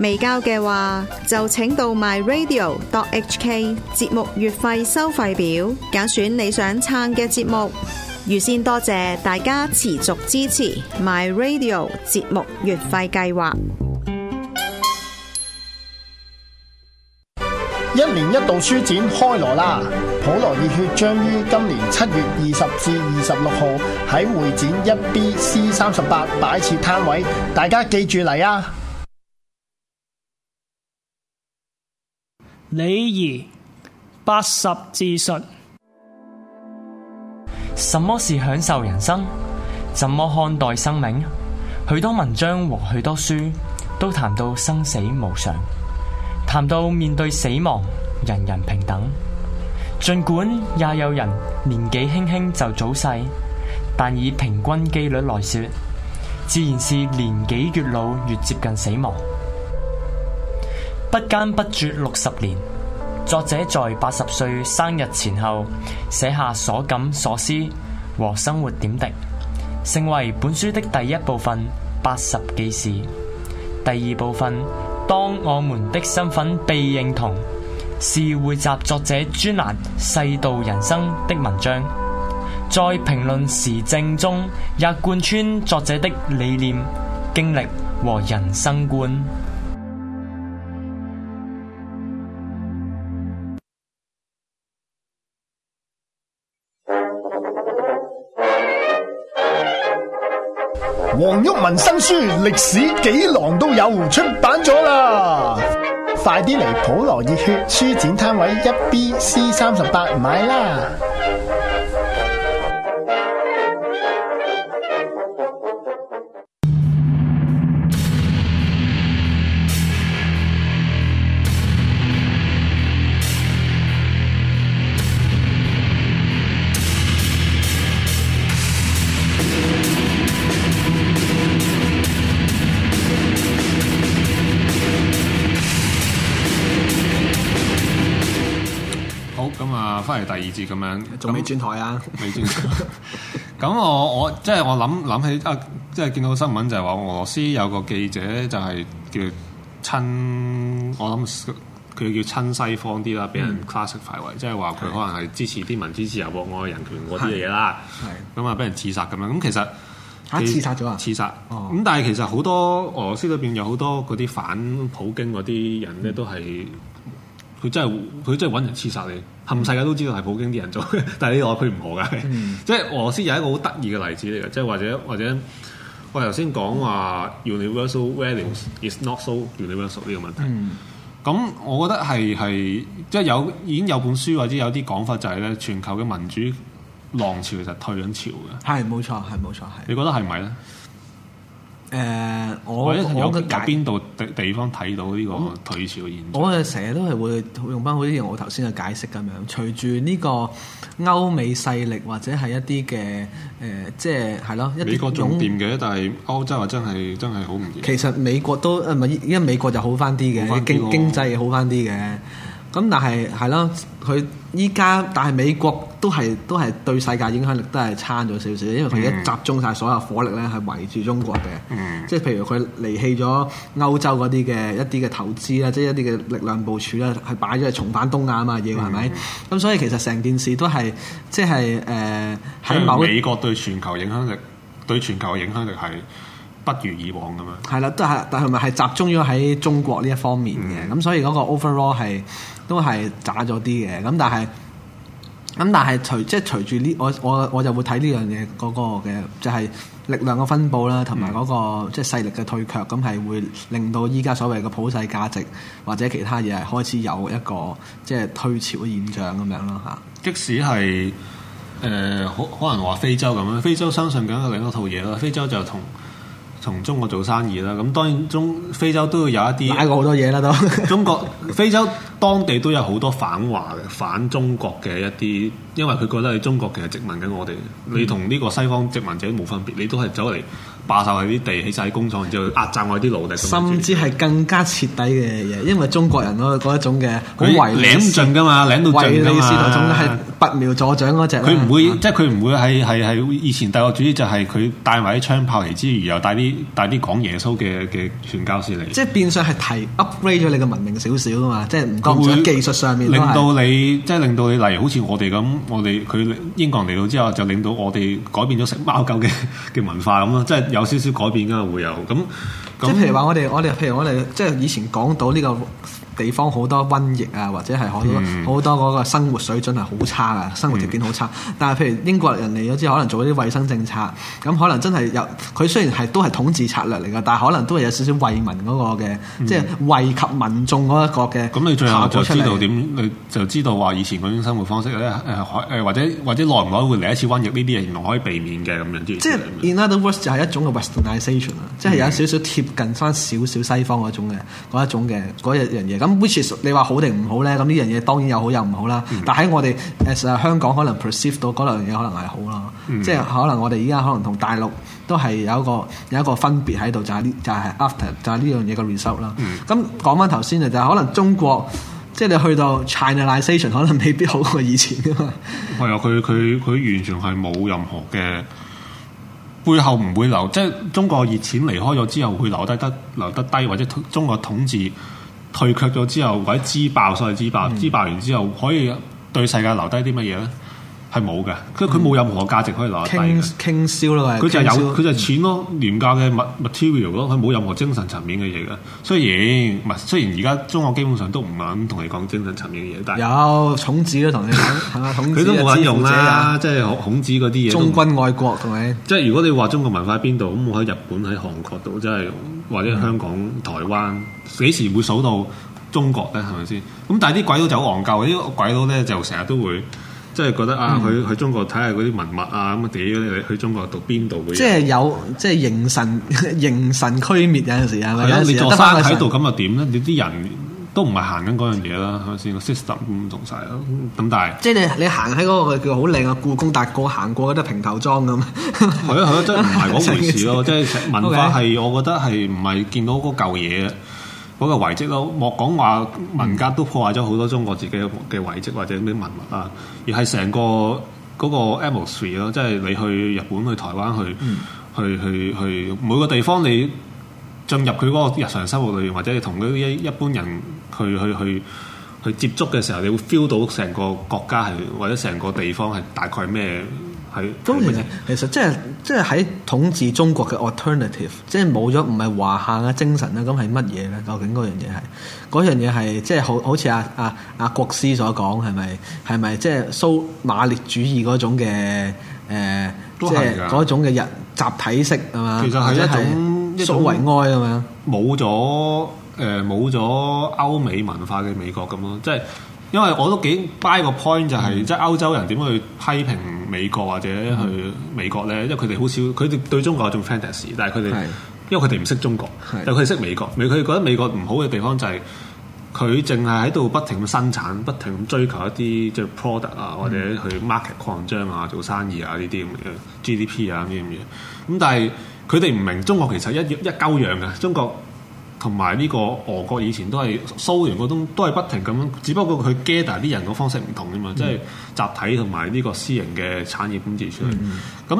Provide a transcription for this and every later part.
未交嘅話，就請到 myradio.hk 節目月費收費表，揀選你想撐嘅節目。預先多謝大家持續支持 myradio 節目月費計劃。一年一度書展開鑼啦，普羅熱血將於今年七月二十至二十六號喺會展一 BC 三十八擺設攤位，大家記住嚟啊！禮儀八十字術，什麼是享受人生？怎麼看待生命？許多文章和許多書都談到生死無常，談到面對死亡，人人平等。盡管也有人年紀輕輕就早逝，但以平均機率來說，自然是年紀越老越接近死亡。不間不絕六十年，作者在八十歲生日前後寫下所感所思和生活點滴，成為本書的第一部分《八十記事》。第二部分《當我們的身份被認同》，是匯集作者專欄《世道人生》的文章，在評論時政中也貫穿作者的理念、經歷和人生觀。黃毓民新書《歷史幾浪》都有出版咗啦， 快啲嚟普羅熱血書展攤位一 B C 三十八買啦！翻嚟第二節咁樣，仲未轉台啊？未轉台。咁 我我即係、就是、我諗諗起啊，即係見到新聞就係話俄羅斯有個記者就係叫親，我諗佢叫他親西方啲啦，俾、嗯、人 classify，即係話佢可能係支持啲民主，支持自由國外人權嗰啲嘢啦。係咁是啊，俾人刺殺咁樣。咁其實嚇刺殺咗啊？刺殺。咁殺、哦、但係其實好多俄羅斯裏邊有好多嗰啲反普京嗰啲人咧，都係。佢真係佢真係揾人刺殺你，全世界都知道係普京啲人做，但係你話佢唔何㗎，嗯、即係俄羅斯有一個好得意嘅例子嚟嘅。即係或者或者我頭先講話 universal values is not so universal 呢個問題，咁、嗯、我覺得係係即係有已經有本書或者有啲講法就係咧，全球嘅民主浪潮其實退緊潮嘅，係冇錯係冇錯係。你覺得係咪咧？誒、呃，我有嘅邊度地方睇到呢個退潮現象？我係成日都係會用翻，好似我頭先嘅解釋咁樣。隨住呢個歐美勢力或者係一啲嘅誒，即係係咯，一美國總掂嘅，但係歐洲啊，真係真係好唔掂。其實美國都誒，因為美國就好翻啲嘅，哦、經經濟好翻啲嘅。咁但係係咯，佢依家但係美國都係都係對世界影響力都係差咗少少，因為佢而家集中晒所有火力咧係圍住中國嘅、嗯，即係譬如佢離棄咗歐洲嗰啲嘅一啲嘅投資啦，即係一啲嘅力量部署咧，係擺咗去重返東亞啊嘛，要係咪？咁所以其實成件事都係即係誒喺某美國對全球影響力對全球嘅影響力係。不如以往咁樣。係啦，都係，但係咪係集中咗喺中國呢一方面嘅咁？嗯、所以嗰個 overall 係都係差咗啲嘅。咁但係咁，但係隨即係隨住呢，我我我就會睇呢樣嘢嗰個嘅就係、是、力量嘅分佈啦，同埋嗰個即係勢力嘅退卻咁，係、嗯、會令到依家所謂嘅普世價值或者其他嘢係開始有一個即係退潮嘅現象咁樣咯嚇。即使係誒、呃，好可能話非洲咁樣，非洲相信緊有另一套嘢咯。非洲就同從中國做生意啦，咁當然中非洲都會有一啲買過好多嘢啦都。中國 非洲當地都有好多反華嘅反中國嘅一啲，因為佢覺得你中國其實殖民緊我哋，你同呢個西方殖民者冇分別，你都係走嚟霸曬啲地起曬工廠，然之後壓榨我啲奴隸。甚至係更加徹底嘅嘢，因為中國人嗰一種嘅好唯，舐盡㗎嘛，舐到盡拔苗助長嗰隻，佢唔會，啊、即係佢唔會係係係以前帝國主義就係佢帶埋啲槍炮嚟之餘，又帶啲帶啲講耶穌嘅嘅傳教士嚟，即係變相係提 upgrade 咗你嘅文明少少噶嘛，即係唔講技術上面，令到你即係令到你，例如好似我哋咁，我哋佢英國人嚟到之後，就令到我哋改變咗食貓狗嘅嘅文化咁咯，即係有少少改變噶、啊、會有咁。即譬如話我哋我哋，譬如我哋即係以前講到呢、這個。地方好多瘟疫啊，或者係好多好、嗯、多嗰個生活水準係好差啊，生活條件好差。嗯、但係譬如英國人嚟咗之後，可能做啲衛生政策，咁可能真係有佢雖然係都係統治策略嚟㗎，但係可能都係有少少惠民嗰、嗰個嘅，嗯、即係惠及民眾嗰一個嘅。咁你、嗯、最後就知道點，你就知道話以前嗰種生活方式咧，誒、呃，誒、呃、或者或者耐唔耐會嚟一次瘟疫呢啲嘢，原來可以避免嘅咁樣啲。即係是 in other words 就係一種嘅 westernization 啊，即係有少少貼近翻少少西方嗰種嘅嗰一種嘅嗰一樣嘢。咁 which is 你話好定唔好咧？咁呢樣嘢當然有好有唔好啦。嗯、但喺我哋誒香港，可能 perceive 到嗰樣嘢，可能係好啦。即係可能我哋依家可能同大陸都係有一個有一個分別喺度，就係呢就係 after 就係呢樣嘢嘅 result 啦、嗯。咁講翻頭先啊，就係、是、可能中國即係你去到 chinalization 可能未必好過以前啊嘛。係 啊，佢佢佢完全係冇任何嘅背後唔會留，即係中國以前離開咗之後，會留低得留得低，或者中國統治。退卻咗之後，或者自爆，爆，所謂自爆，自爆完之後，可以對世界留低啲乜嘢咧？係冇嘅，佢佢冇任何價值可以攞低嘅。傾傾銷咯，佢 Se 就係有佢就係錢咯，廉價嘅 material 咯，佢冇任何精神層面嘅嘢嘅。雖然唔係，雖然而家中國基本上都唔肯同你講精神層面嘅嘢，但係有孔子都同你講，孔 子佢都冇乜用啦，即係孔子嗰啲嘢。忠君愛國是是，係咪？即係如果你話中國文化喺邊度咁？我喺日本、喺韓國度，即係或者香港、嗯、台灣，幾時會數到中國咧？係咪先？咁但係啲鬼佬就好戇鳩嘅，啲鬼佬咧就成日都會。即係覺得啊，嗯、去去中國睇下嗰啲文物啊，咁啊點樣？你去中國讀邊度嘅嘢？即係有，即係形神形神俱滅有陣時係咪？係啊，你座山喺度咁又點咧？你啲人都唔係行緊嗰樣嘢啦，係咪先？個 system 唔同晒咯？咁但係即係你你行喺嗰個叫好靚嘅故宮達哥行過嗰啲平頭裝咁，係啊係啊，即係唔係嗰回事咯。 即係文化係，Okay. 我覺得係唔係見到嗰舊嘢。嗰個遺跡咯，莫講話文革都破壞咗好多中國自己嘅遺跡或者啲文物啦，而係成個嗰個 atmosphere 咯，即係你去日本、去台灣、去去去去每個地方，你進入佢嗰個日常生活裏面，或者你同嗰一一般人去去去去接觸嘅時候，你會 feel 到成個國家係或者成個地方係大概咩？咁其實其實即係即係喺統治中國嘅 alternative，即係冇咗唔係華夏嘅精神咧，咁係乜嘢咧？究竟嗰樣嘢係嗰樣嘢係即係好好似啊啊阿國師所講，係咪係咪即係蘇馬列主義嗰種嘅誒，呃、都即係嗰種嘅人集體式係嘛？其實係一種蘇維埃，啊嘛，冇咗誒冇咗歐美文化嘅美國咁咯，即係。因為我都幾 buy 個 point 就係、是嗯、即係歐洲人點樣去批評美國或者去美國咧，嗯、因為佢哋好少，佢哋對中國有種 fantasy 但係佢哋因為佢哋唔識中國，是的 但佢哋識美國，佢哋覺得美國唔好嘅地方就係佢淨係喺度不停咁生產，不停咁追求一啲即係 product 啊或者去 market 擴張啊做生意啊呢啲咁嘅 GDP 啊啲咁嘢。咁但係佢哋唔明中國其實一一嚿樣嘅，中國。同埋呢個俄國以前都係蘇聯嗰種，都係不停咁，只不過佢 gather 啲人嘅方式唔同啫嘛，即係、嗯、集體同埋呢個私營嘅產業工資出嚟。咁、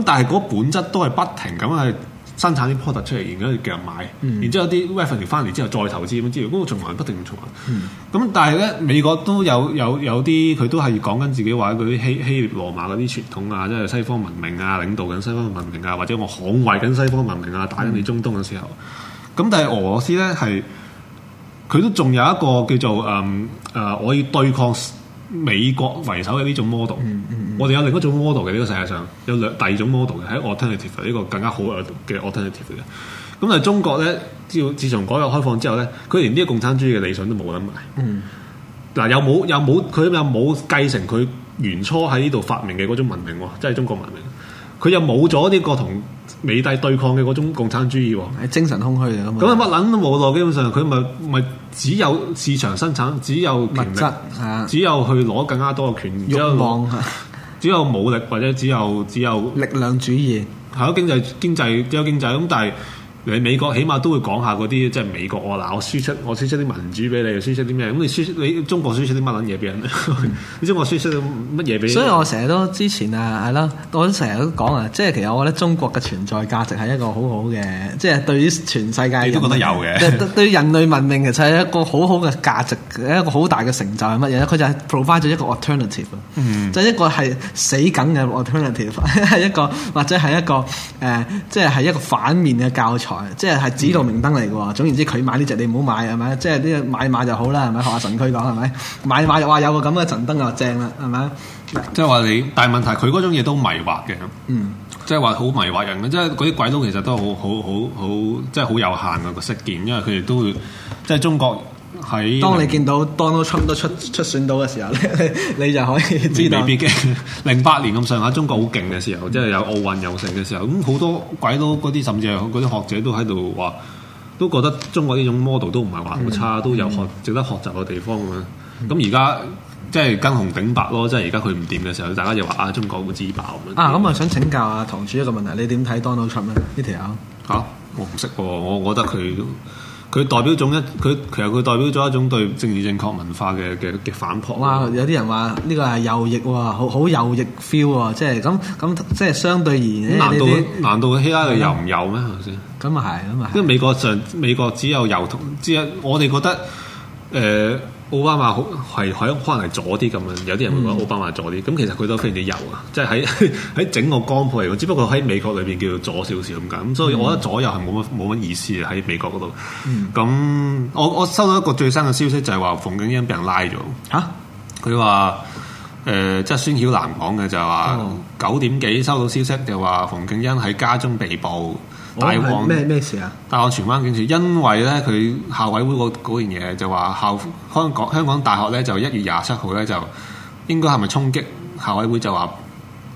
嗯、但係嗰本質都係不停咁去生產啲 product 出嚟，然後叫人買，嗯、然之有啲 investment 翻嚟之後再投資咁樣，咁嗰個循環不停循環。咁、嗯、但係咧，美國都有有有啲佢都係講緊自己話嗰啲希希臘羅馬嗰啲傳統啊，即係西方文明啊，領導緊西方文明啊，或者我捍衞緊西方文明啊，打緊你中東嘅時候。嗯咁但係俄羅斯咧，係佢都仲有一個叫做誒誒，我、嗯、要、呃、對抗美國為首嘅呢種 model、嗯。嗯、我哋有另一種 model 嘅呢、呢個世界上，有兩第二種 model 嘅喺 alternative 呢個更加好嘅 alternative 嘅。咁但係中國咧，自自從改革開放之後咧，佢連呢個共產主義嘅理想都冇得賣。嗱、嗯，有冇有冇佢又冇繼承佢原初喺呢度發明嘅嗰種文明，即、哦、係中國文明。佢又冇咗呢個同。美帝對抗嘅嗰種共產主義喎，精神空虛啊咁。咁乜撚都冇咯，基本上佢咪咪只有市場生產，只有物質，只有去攞更加多嘅權力，慾望，只有武力 或者只有只有力量主義，係咯，經濟經濟只有經濟咁，但係。你美國起碼都會講下嗰啲即係美國嗱，我輸出我輸出啲民主俾你，輸出啲咩？咁你輸你中國輸出啲乜撚嘢俾人？你中國輸出乜嘢俾？ 所以我成日都之前啊，係咯，我成日都講啊，即係其實我覺得中國嘅存在價值係一個好好嘅，即係對於全世界，你都覺得有嘅， 對人類文明其實係一個好好嘅價值，一個好大嘅成就係乜嘢咧？佢就係 provide 咗一個 alternative，即係、嗯、一個係死梗嘅 alternative，係 一個或者係一個誒，即係係一個反面嘅教材。即係係指路明燈嚟嘅喎，嗯、總言之佢買呢隻你唔好買係咪？即係啲買買就好啦，係咪學下神區講係咪？買買又話有個咁嘅神燈又正啦，係咪？即係話你，但係問題佢嗰種嘢都迷惑嘅，嗯，即係話好迷惑人嘅，即係嗰啲鬼佬其實都好好好好，即係好有限嘅、個識見，因為佢哋都會即係中國。係。當你見到 Donald Trump 都出出選到嘅時候咧，你就可以知道。零八年咁上下中國好勁嘅時候，即係、嗯、有奧運有城嘅時候，咁好多鬼佬嗰啲甚至係嗰啲學者都喺度話，都覺得中國呢種 model 都唔係話好差，嗯、都有學值得學習嘅地方啊嘛。咁而家即係跟紅頂白咯，即係而家佢唔掂嘅時候，大家就話啊，中國好自爆咁樣。啊，咁啊想請教阿堂主一個問題，你點睇 Donald Trump 咧？呢條啊？嚇，我唔識喎，我覺得佢。 佢代表一種一，佢其實佢代表咗一種對政治正確文化嘅嘅嘅反撲。哇！有啲人話呢個係右翼喎、哦，好好右翼 feel 喎、哦，即係咁咁即係相對而言。難道你難道希拉里又唔右咩？係咪先？咁啊，係啊，因為美國上樣美國只有右同，只有我哋覺得誒。呃奧巴馬好係喺可能係左啲咁樣，有啲人會覺得奧巴馬左啲，咁、嗯、其實佢都非常之右啊！即係喺喺整個光譜，嚟只不過喺美國裏邊叫做左少少咁解。咁、嗯、所以我覺得左右係冇乜冇乜意思喺美國嗰度。咁、嗯、我我收到一個最新嘅消息，就係、是、話馮敬恩俾人拉咗嚇。佢話誒，即係孫曉蘭講嘅就話、是、九、哦、點幾收到消息，就話、是、馮敬恩喺家中被捕。大王咩咩事啊？大澳荃灣警署，因為咧佢校委會嗰件嘢就話校香港香港大學咧就一月廿七號咧就應該係咪衝擊校委會，就話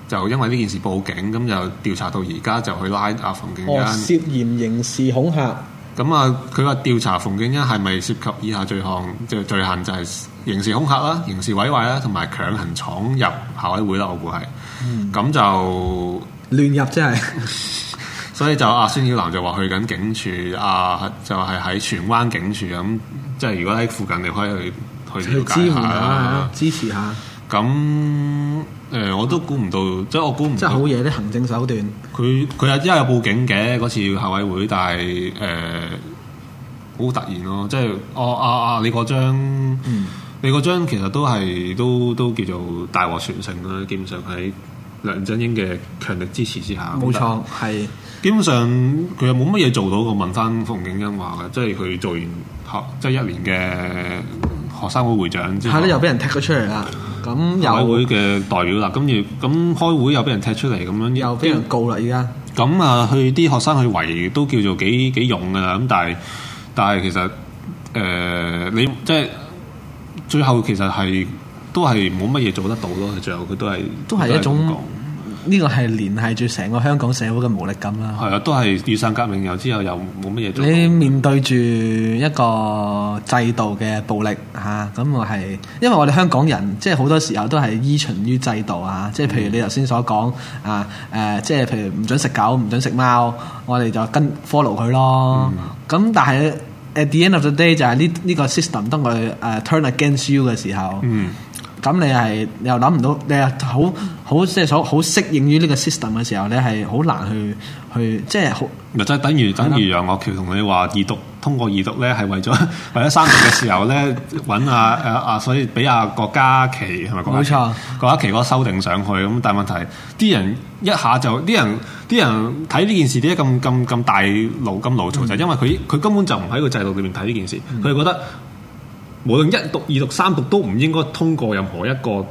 就因為呢件事報警，咁就調查到而家就去拉阿馮敬恩、哦、涉嫌刑事恐嚇。咁啊，佢話調查馮敬恩係咪涉及以下罪行？即係罪行就係刑事恐嚇啦、刑事毀壞啦、同埋強行闖入校委會啦，我估係。咁、嗯、就亂入真係。 所以就阿、啊、孫曉南就話去緊警署，啊就係喺荃灣警署。咁、嗯。即係如果喺附近，你可以去去了解下，支持下。咁誒、呃，我都估唔到，嗯、即係我估唔到即係好嘢啲行政手段。佢佢有因為有報警嘅嗰次校委會，但係誒好突然咯。即係我阿阿你嗰張，嗯、你嗰張其實都係都都叫做大獲全勝，啦。基本上喺梁振英嘅強力支持之下，冇錯，係錯。錯基本上佢又冇乜嘢做到嘅，問翻馮敬恩話嘅，即係佢做完學即係、就是、一年嘅學生會會長之後，係咧又俾人踢咗出嚟啦。咁、嗯，校又會嘅代表啦，跟住咁開會又俾人踢出嚟，咁樣又俾人告啦。而家咁啊，去啲學生去圍都叫做幾幾勇噶啦。咁但係但係其實誒、呃、你即係最後其實係都係冇乜嘢做得到咯。最後佢都係都係一種。呢個係連繫住成個香港社會嘅無力感啦。係啊，都係雨傘革命又之後又冇乜嘢做。你面對住一個制度嘅暴力吓，咁、啊、我係因為我哋香港人，即係好多時候都係依循於制度啊。即係譬如你頭先所講啊，誒、呃，即係譬如唔准食狗，唔准食貓，我哋就跟 follow 佢咯。咁、嗯、但係 at the end of the day 就係呢呢個 system 當佢誒 turn against you 嘅時候。嗯咁你係你又諗唔到，你係好好即係所好適應於呢個 system 嘅時候，你係好難去去即係好。咪即係等於 Right. 等於楊岳橋同你話二讀通過二讀咧，係 為咗為咗三讀嘅時候咧，揾阿阿阿，所以俾阿、啊、郭家麒係咪？冇錯，郭家麒嗰個修訂上去咁，但係問題啲人一下就啲人啲人睇呢件事點解咁咁咁大怒咁怒嘈，就係、mm. 因為佢佢根本就唔喺個制度裏面睇呢件事，佢覺得。無論一讀、二讀、三讀都唔應該通過任何一個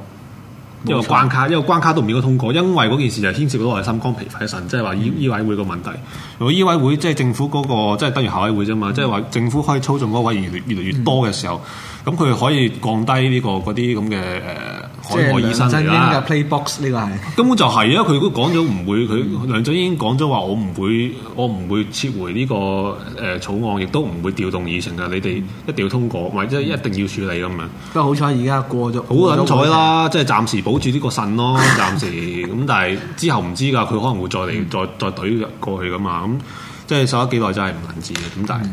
一個關卡，冇錯、一個關卡都唔應該通過，因為嗰件事就牽涉到我哋心肝脾肺腎，嗯、即係話醫醫委會個問題。如果醫委會即係政府嗰、嗰個，即係等如校委會啫嘛，嗯、即係話政府可以操縱嗰個位越嚟越嚟越多嘅時候，咁佢、嗯、可以降低呢、呢個嗰啲咁嘅誒。即係梁振英嘅 Playbox 呢個係根本就係啊！佢如果講咗唔會，佢梁振英講咗話，我唔會，我唔會撤回呢個誒草案，亦都唔會調動議程噶。你哋一定要通過，或者、嗯就是、一定要處理咁樣。不、嗯、過好彩而家過咗，好撚彩啦！即係暫時保住呢個腎咯，暫時咁。 但係之後唔知噶，佢可能會再嚟、嗯，再再懟過去噶嘛。咁即係受咗幾耐就係唔能治嘅。咁但係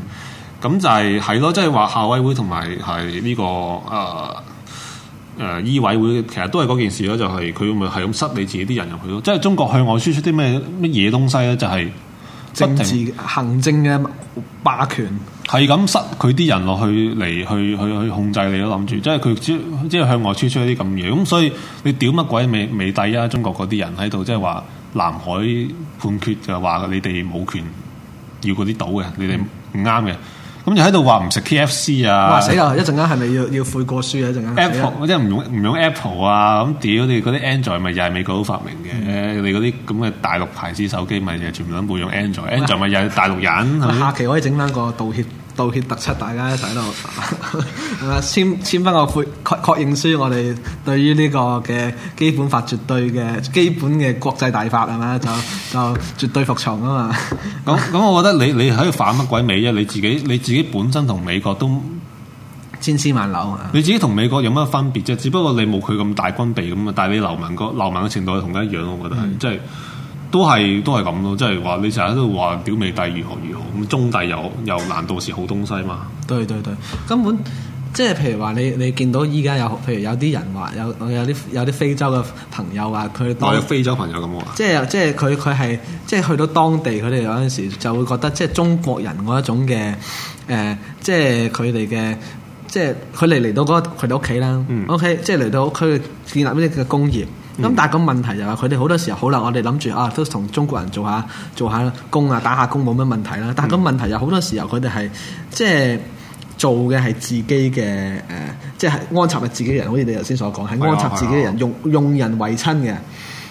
咁就係係咯，即係話校委會同埋係呢個誒。誒、呃，醫委會其實都係嗰件事咯，就係佢咪係咁塞你自己啲人入去咯，即、就、係、是、中國向外輸出啲咩咩嘢東西咧，就係、是、政治行政嘅霸權，係咁塞佢啲人落去嚟，去去去控制你都諗住，即係佢即即向外輸出一啲咁嘢，咁所以你屌乜鬼美美帝啊？中國嗰啲人喺度，即係話南海判決就話你哋冇權要嗰啲島嘅，你哋唔啱嘅。嗯咁就喺度話唔食 K F C 啊！哇死啦！一陣間係咪要要悔過書啊！一陣間 Apple 即係唔用唔用 Apple 啊！咁屌你嗰啲 Android 咪又係美國都發明嘅？嗯、你嗰啲咁嘅大陸牌子手機咪又全部都用 Android？Android 咪又係大陸人 係咪？下期可以整翻個道歉。道歉突出，大家一齊喺度，係 嘛？簽簽返個確確認書，我哋對於呢個嘅基本法，絕對嘅基本嘅國際大法係咪？就就絕對服從啊嘛！咁 咁，我覺得你你喺度反乜鬼美啫？你自己你自己本身同美國都千絲萬縷啊！你自己同美國有乜分別啫？只不過你冇佢咁大軍備咁啊，但你流氓個流氓嘅程度同佢一樣，嗯、我覺得係即係。即係都係、就是、都係咁咯，即係話你成日都話表美帝如何如何，咁中帝又又難道是好東西嘛？對對對，根本即係譬如話你你見到依家有，譬如有啲人話有有啲有啲非洲嘅朋友話佢，我有非洲朋友咁啊！即係即係佢佢係即係去到當地，佢哋有陣時就會覺得即係中國人嗰一種嘅誒、呃，即係佢哋嘅即係佢哋嚟到佢哋屋企啦，OK 即係嚟到佢建立呢啲嘅工業。咁、嗯、但係個問題就係佢哋好多時候，好啦，我哋諗住啊，都同中國人做下做下工啊，打下工冇乜問題啦。但係個問題就好多時候佢哋係即係做嘅係自己嘅誒，即係安插埋自己人，好似你頭先所講係安插自己人，己人用用人為親嘅，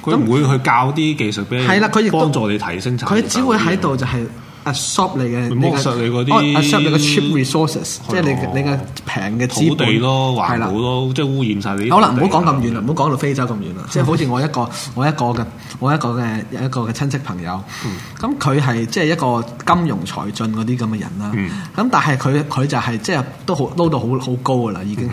佢唔會去教啲技術俾你。係啦，佢亦都幫助你提升產。佢只會喺度就係 absorb 你嘅了，你嗰啲 absorb 你嘅 cheap resources，即係你你嘅。平嘅土地咯，環保咯，即係污染晒啊。你。好啦，唔好講咁遠啦，唔好講到非洲咁遠啦。即係 好似我一個，我一個嘅，我一個嘅，一個嘅親戚朋友。咁佢係即係一個金融財進嗰啲咁嘅人啦。咁、嗯、但係佢佢就係即係都好撈到好好高嘅啦，已經係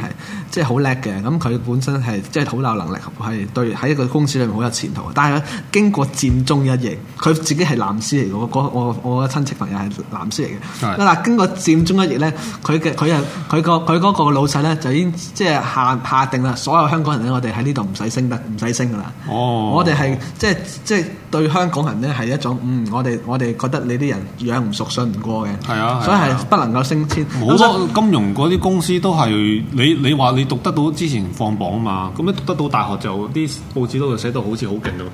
即係好叻嘅。咁佢、嗯、本身係即係好有能力，係對喺一個公司裡面好有前途。但係經過佔中一役，佢自己係藍絲嚟嘅。我我嘅親戚朋友係藍絲嚟嘅。嗱， 經過佔中一役咧，佢嘅佢啊佢個佢嗰個老細咧就已經即係下下定啦，所有香港人咧，我哋喺呢度唔使升得，唔使升噶啦。哦，我哋係即係即係對香港人咧係一種嗯，我哋我哋覺得你啲人養唔熟，信唔過嘅。係啊，啊所以係不能夠升遷。好多金融嗰啲公司都係你你話你讀得到之前放榜嘛，咁樣讀得到大學就啲報紙都會寫到好似好勁喎。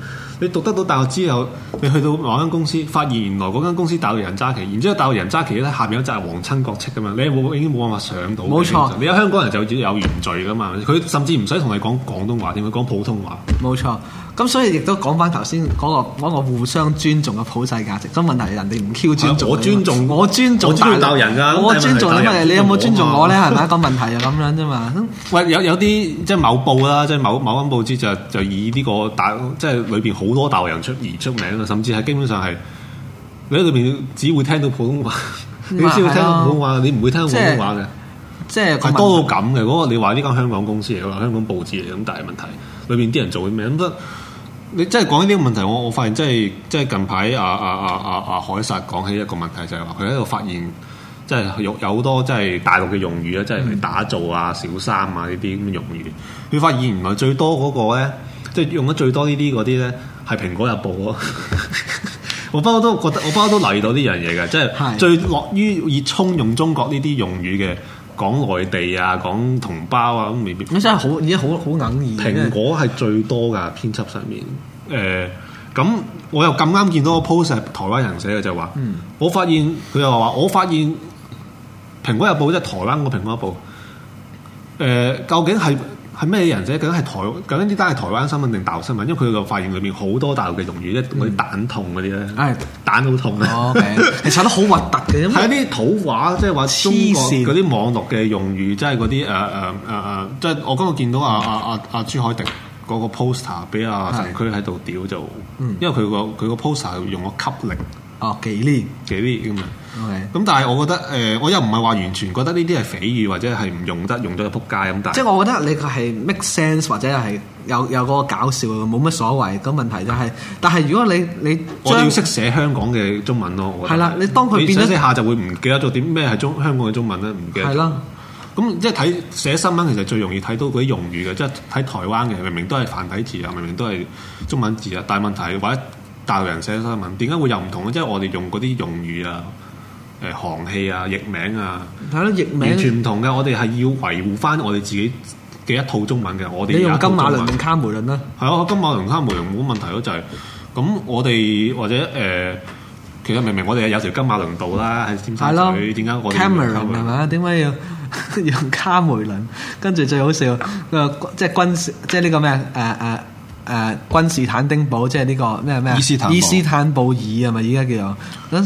你讀得到大學之後，你去到某間公司，發現原來嗰間公司大陸人揸旗，然之後大陸人揸旗咧，下邊有紮係皇親國戚㗎嘛，你係冇已經冇辦法上到。冇錯錯，你阿香港人就只有有原罪㗎嘛，佢甚至唔使同你講廣東話，點會講普通話？冇錯。咁所以亦都講翻頭先嗰個互相尊重嘅普世價值，咁、嗰個、問題係人哋唔尊重我。我尊重，我尊重，但係我尊重你你有冇尊重我咧？係咪一個問題就咁樣啫嘛。喂， 有有啲即係某報啦，即係某即某間報紙就就以呢個大即係裏邊好多鬥人出而出名甚至係基本上係裏邊只會聽到普通話，啊、 你只會聽到普通話，你唔會聽到普通話嘅，即係佢多到咁嘅。嗰個 你話呢間香港公司，佢話香港報紙咁大問題，裏邊啲人做啲咩咁得？你真係講呢啲問題，我我發現真係，真係近排啊啊啊啊啊，凱撒講起一個問題，就係話佢喺度發現，即係有好多即係大陸嘅用語啊，嗯、即係打造啊、小三啊呢啲咁嘅用語。佢發現原來最多嗰、那個咧，即係用得最多呢啲嗰啲咧，係蘋果日報啊！ 我不嬲都覺得，我不嬲都留意到呢樣嘢嘅，即係最樂於以充用中國呢啲用語嘅。講內地啊，講同胞啊，都未必。你真係好，而家好好哽耳。啊、蘋果係最多噶編輯上面。誒、呃，咁我又咁啱見到個 post 係台灣人寫嘅，就話、是：嗯，我發現佢又話，我發現蘋果日報即係、就是、台灣個蘋果日報。誒、呃，究竟係？係咩人啫？究竟係台，究竟啲單係台灣新聞定大陸新聞？因為佢個發現裏面好多大陸嘅用語，即係嗰啲蛋痛嗰啲咧。係蛋好痛咯，係寫得好核突嘅，因為係一啲土話，即係話中國嗰啲網絡嘅用語，即係嗰啲誒誒誒誒，即係、uh, uh, uh, 我今日見到阿阿阿阿朱海迪嗰個 poster 俾阿、啊、陳區喺度屌就，因為佢個佢個 poster 用個吸力。哦，幾年幾年咁啊？咁、嗯、Okay. 但係我覺得誒、呃，我又唔係話完全覺得呢啲係匪語或者係唔用得，用咗就撲街咁。但即係我覺得你個係 make sense 或者係有有個搞笑，冇乜所謂。咁問題就係、是，的但係如果你你我哋要識寫香港嘅中文咯。係啦，你當佢變咗一下就會唔記得咗點咩係中香港嘅中文咧，唔記得的。係啦。咁即係睇寫新聞其實最容易睇到嗰啲用語嘅，即係睇台灣嘅明，明明都係繁體字啊，明明，明都係中文字啊，但係問題或者。大陸人寫新聞點解會又唔同咧？即係我哋用嗰啲用語啊、誒、呃、行氣啊、譯名啊，係咯，譯名完全唔同嘅。我哋係要維護翻我哋自己嘅一套中文嘅。我哋用金馬倫定卡梅倫啦。係咯、啊，金馬倫卡梅倫冇問題咯、就係，就係咁。我哋或者誒、呃，其實明明我哋有條金馬倫道啦，喺尖沙咀點解我哋係咪點解要用卡梅倫？跟住最好笑即係軍，即係呢、呢個咩啊啊！啊啊啊誒、呃、君士坦丁堡即係呢、這個咩咩、呃？伊斯坦堡，伊斯坦布爾啊嘛，而家叫做，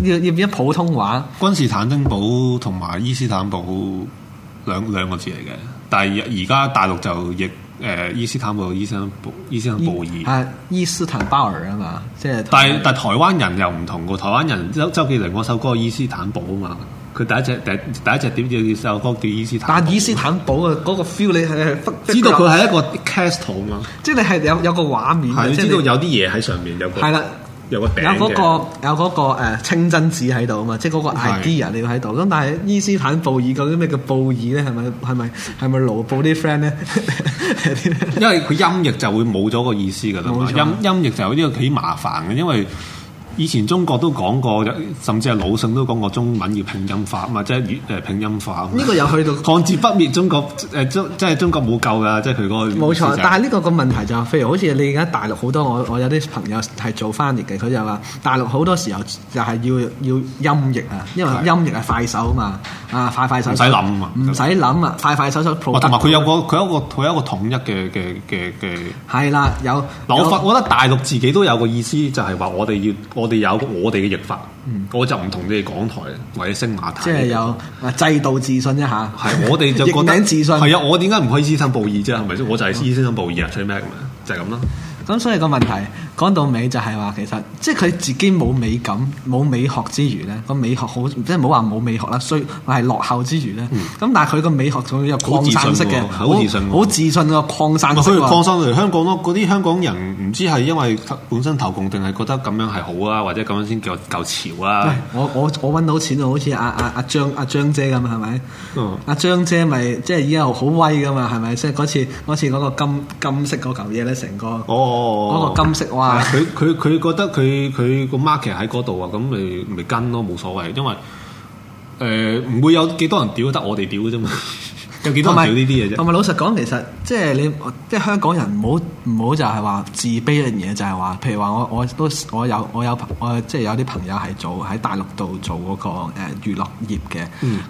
點要要變咗普通話？君士坦丁堡同埋伊斯坦堡兩兩個字嚟嘅，但係而家大陸就譯誒伊斯坦布、伊斯坦布、伊斯坦布爾，係伊斯坦鮑爾啊嘛，即係。但係但係台灣人又唔同嘅，台灣人周周杰倫嗰首歌《伊斯坦堡》啊嘛。佢第一隻，第第一隻點叫？首歌叫伊斯坦堡。但伊斯坦堡嘅嗰個 feel，你係知道佢係一個 castle 嘛？即係你係有有個畫面，即係知道你有啲嘢喺上面有個。係啦，有個有嗰個有嗰個誒清真寺喺度啊嘛，即係嗰個 idea 你要喺度。咁是的 但係伊斯坦布爾究竟咩叫布爾咧？係咪係咪係咪羅布啲 friend 咧？因為佢音譯就會冇咗個意思㗎啦，音音譯就有呢個幾麻煩嘅，因為。以前中國都講過，甚至係魯迅都講過，中文要拼音化嘛，即係粵拼音化。呢個又去到漢字不滅，中國誒即係中國冇救㗎，即係佢嗰個。冇錯，但係呢個個問題就係，譬如好似你而家大陸好多，我我有啲朋友係做翻譯嘅，佢就話大陸好多時候就係要要音譯啊，因為音譯係快手啊嘛，啊快快手，唔使諗啊，唔使諗啊，快快手手。同埋佢有個佢有一佢有一個統一嘅嘅嘅嘅。係啦，有。我我覺得大陸自己都有個意思，就係話我哋要我哋有我哋嘅譯法，嗯、我就唔同你哋港台或者星馬台，即係有制度自信一下。係我哋就講緊 自信係啊！我點解唔可以斯坦布爾啫？係咪先？我就係斯坦布爾啊！吹咩 就係咁咯。咁所以個問題講到尾就係話，其實即係佢自己冇美感、冇美學之餘咧，個美學好即係唔好話冇美學啦，雖係落後之餘咧。咁、嗯、但係佢個美學，仲有擴散式嘅，好自信，自信好，好自信啊！擴散。佢擴散嚟香港咯，嗰啲香港人唔知係因為本身投共定係覺得咁樣係好啊，或者咁樣先叫夠潮啊！我我我搵到錢啊，好似阿阿阿張阿、啊、張姐咁係咪？阿、嗯啊、張姐咪即係以後好威噶嘛？係咪即嗰次嗰次嗰個金金，金色嗰嚿嘢咧，成個哦、嗰個金色哇！佢佢佢覺得佢佢個 market 喺嗰度啊，咁咪咪跟咯，冇所謂，因為誒呃、唔會有幾多人屌得我哋屌嘅啫嘛。有幾多做呢啲嘢啫？同埋老實講，其實即係你即係香港人，唔好唔好就係話自卑嘅嘢，就係話，譬如話我我都我有我有我即係有啲朋友係做喺大陸度做嗰個誒娛樂業嘅，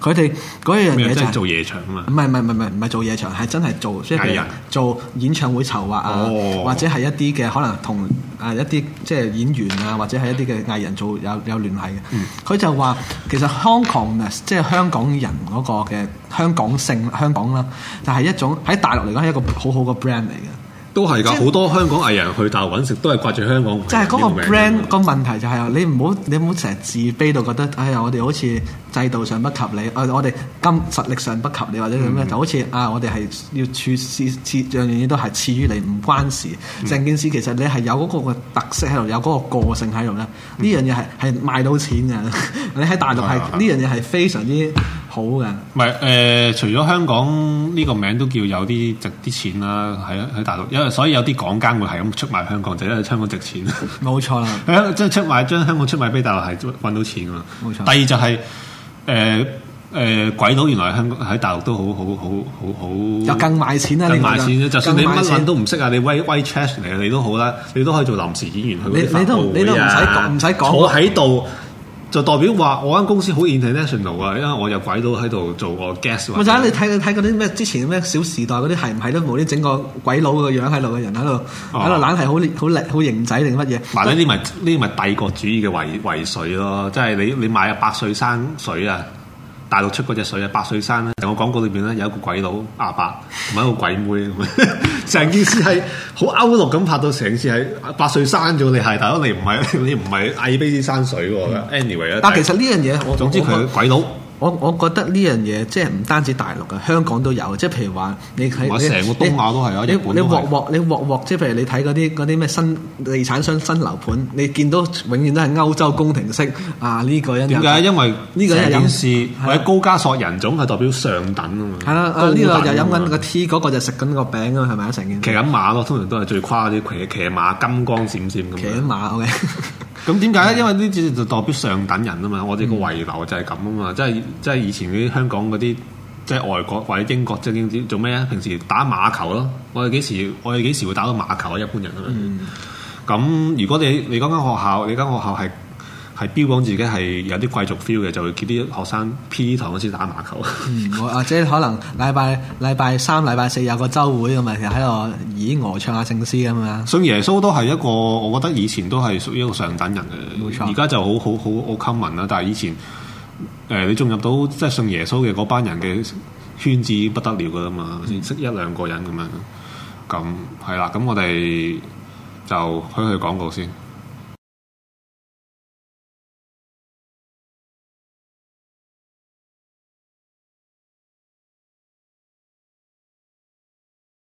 佢哋嗰樣嘢就係做夜場啊嘛？唔係唔係唔係唔係做夜場，係真係做即係譬如做演唱會籌劃啊，或者係一啲嘅可能同誒一啲即係演員啊，或者係一啲嘅藝人做有有聯繫嘅。佢就話其實 Hong Kong 即係香港人嗰個嘅香港性。香港啦，就係一種喺大陸嚟講係一個好好嘅 brand 嚟嘅，都係噶，好多香港藝人去大陸揾食都係掛住香港。即係嗰個 brand 個問題就係你唔好你唔好成日自卑到覺得哎呀我哋好似制度上不及你，我哋今實力上不及你或者咁樣，就好似啊我哋係要處事，呢樣嘢都係次於你，唔關事。成件事其實你係有嗰個特色喺度，有嗰個個性喺度咧。呢樣嘢係係賣到錢嘅，你喺大陸係呢樣嘢係非常之。好嘅，唔係誒，除咗香港呢、呢個名都叫有啲值啲錢啦、啊，喺喺大陸，因為所以有啲港奸會係咁出賣香港就因、係、喺香港值錢、啊，冇錯啦。即係 出賣，將香港出賣俾大陸係揾到錢噶嘛。冇錯錯。第二就係誒誒鬼佬原來喺大陸都好好好好好，又更賣錢啦呢個。更賣錢、啊、就算你乜撚都唔識啊，你威威 Chess 嚟你都好啦，你都可以做臨時演員去你。你都你都唔使講唔使講喺度。啊就代表話我間公司好 international 啊，因為我有鬼佬喺度做過 guest 唔係。或者你睇你睇啲咩之前咩小時代嗰啲係唔係都冇啲整個鬼佬個樣喺度嘅人喺度喺度懶係好好靚好型仔定乜嘢？嗱、啊，呢啲咪呢啲咪帝國主義嘅遺遺水咯，即係你你買百歲山水啊！大陸出嗰隻水啊，百歲山咧，成個廣告裏面有一個鬼佬阿伯同一個鬼妹，成 件事係好歐陸咁拍到成件事係百歲山啫喎，你係，但係你唔係你唔係阿爾卑斯山水喎。嗯、anyway，但其實呢樣嘢，我總之佢係鬼佬。我我覺得呢樣嘢即係唔單止大陸嘅，香港都有。即係譬如話，你睇成個東亞都係啊，你鑊鑊你鑊鑊，即係譬如你睇嗰啲嗰啲咩新地產商新樓盤，你見到永遠都係歐洲宮廷式啊呢個因。點解？因為呢個係顯示或者高加索人種係代表上等啊嘛。係啦，呢個就飲緊個 tea，嗰個就食緊個餅啊，係咪成件，騎緊馬咯，通常都係最誇啲騎騎馬，金光閃閃咁。騎緊馬，OK。咁點解？因為呢啲就代表上等人啊嘛。我哋個遺留就係咁啊嘛，即係。即係以前啲香港嗰啲，即係外國或者英國，即係點做咩啊？平時打馬球咯，我哋幾時我哋幾時會打到馬球啊？一般人咁，咁、嗯、如果你你嗰間學校，你間學校係係標榜自己係有啲貴族 feel 嘅，就會叫啲學生 P 堂先打馬球。嗯，我或者可能禮拜禮拜三、禮拜四有個周會咁啊，就喺度以我唱下聖詩咁樣。信耶穌都係一個，我覺得以前都係屬於一個上等人嘅，而家冇錯就好好好好 common 啦。但係以前。誒、呃，你仲入到即係信耶穌嘅嗰班人嘅圈子不得了㗎啦嘛，嗯、識一兩個人咁樣，咁，係啦，咁我哋就去去廣告先。